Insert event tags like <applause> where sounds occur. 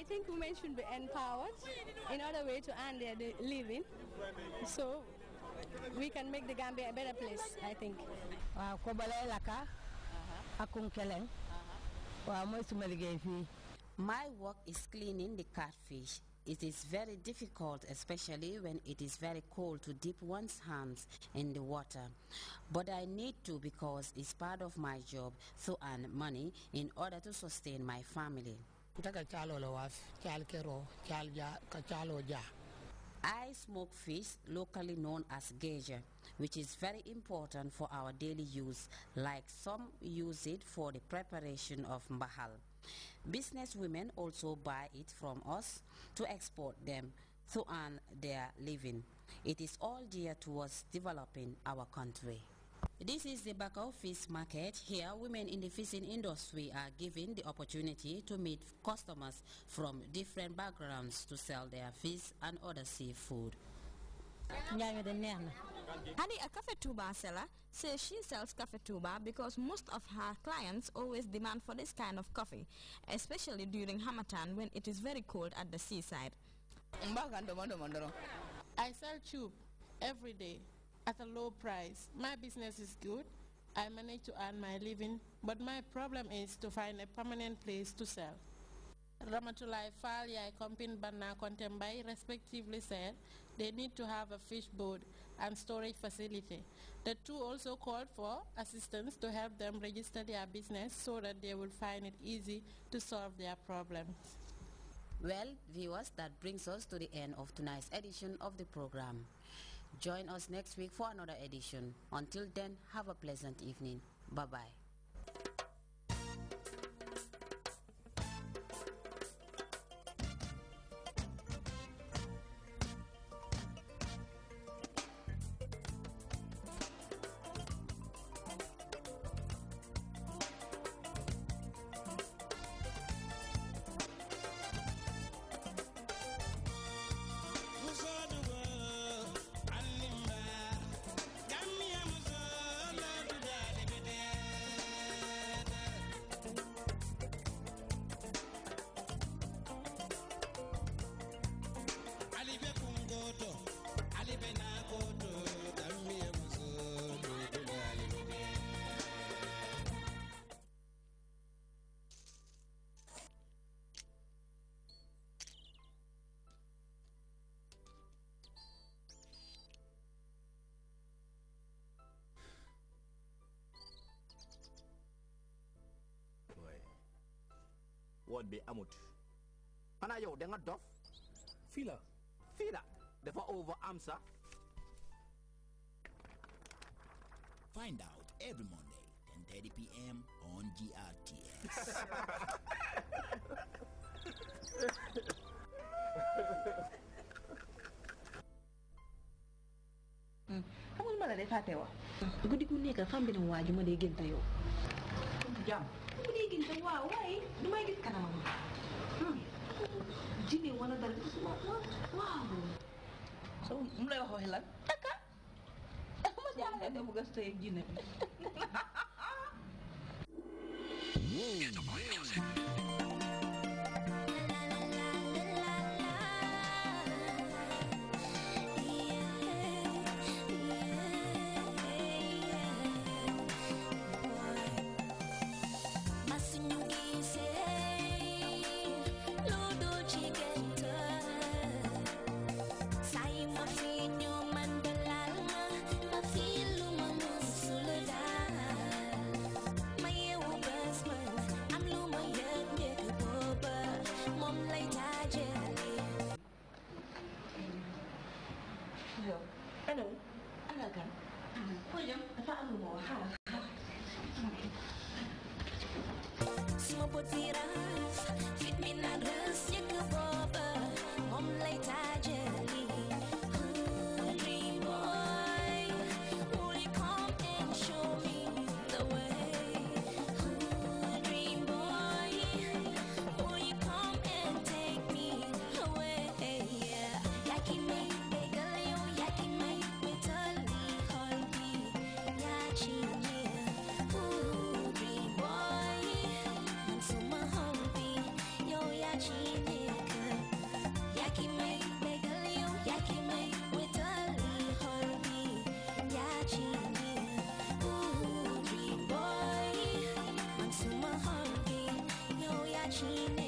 I think women should be empowered in other way to earn their living. So we can make the Gambia a better place, I think. waaw Kobalay uh-huh. uh-huh. My work is cleaning the catfish. It is very difficult, especially when it is very cold, to dip one's hands in the water. But I need to because it's part of my job to earn money in order to sustain my family kero, ja, ja. I smoke fish, locally known as geja, which is very important for our daily use, like some use it for the preparation of mbahal. Businesswomen also buy it from us to export them to earn their living. It is all dear towards developing our country. This is the back office Market. Here, women in the fishing industry are given the opportunity to meet customers from different backgrounds to sell their fish and other seafood. Honey, a cafe tuba seller says she sells cafe tuba because most of her clients always demand for this kind of coffee, especially during Hamatan when it is very cold at the seaside. I sell tube every day at a low price. My business is good. I manage to earn my living, but my problem is to find a permanent place to sell. Ramatulai Fal, Yaikompi, Banna, Kontembai respectively said they need to have a fish boat and storage facility. The two also called for assistance to help them register their business so that they will find it easy to solve their problems. Well, viewers, that brings us to the end of tonight's edition of the program. Join us next week for another edition. Until then, have a pleasant evening. Bye-bye. woot bi amut xanaa yow da dof fii la dafa over am Find out every Monday, 10.30 p.m. on GRTS. xamul ma la de fàtte wax guddi gu nekk xam nga ne waa ma dee génta yow jàmm yi tam waaw waaye damay gis kanamam hmm. jinne wala dara gisuma waaw. so mu lay wax waxi lan takka ma jaaxle ne bëgg a sëy jinne bi. <laughs> yow ana ana kan foo jëm dafa am lu ma wax xaaral xaaral machine.